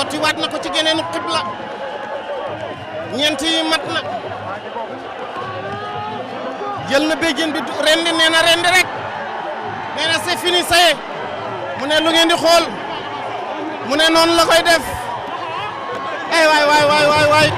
sotti waat na ko ci geneenu xibla ñeent yi mat na jël na béjjén bi rendi nee na rek nee na c'est mu ne lu ngeen di xool mu ne noonu la koy def ay eh, waay waay waay waay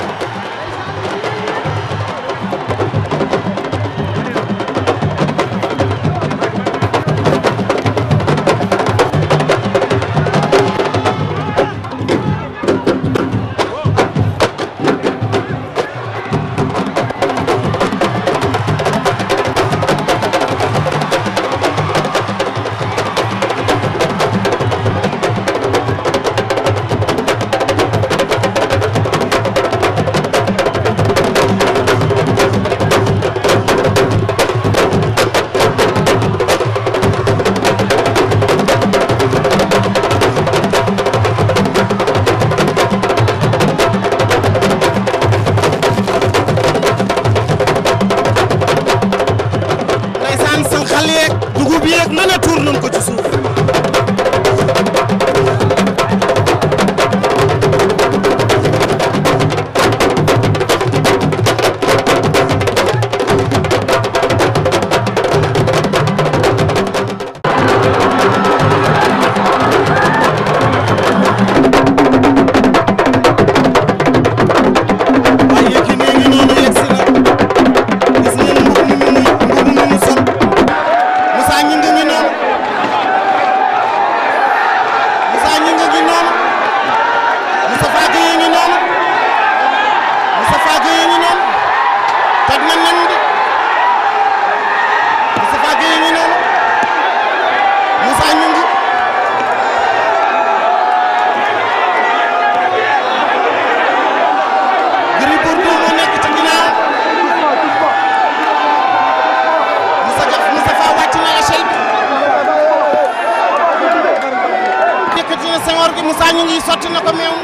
léegi Moussa ñu ngi sotti na ko meew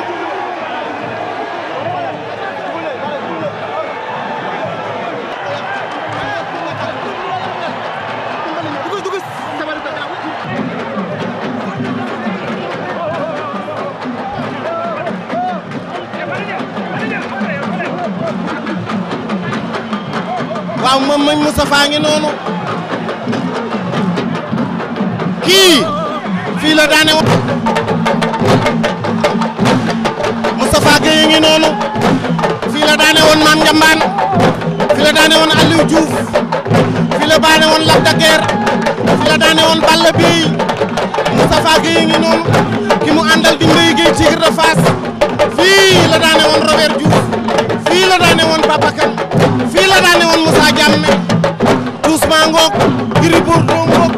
waaw moom mañ Moustapha noonu kii fii la daane woon Moustapha Gueye ngi noonu fii la daane woon Mame Ndiambane fii la daane woon Aliou Diouf fii la daane woon Lac fii la daane woon Balla Bèye Moustapha Gueye ngi noonu ki mu àndal di Mbaye Gueye Tigre de fii la daane woon Robert Diouf fii la daane woon Papa fii la daane woon Moussa Diame doucement ngoog Gris Bordeaux ngoog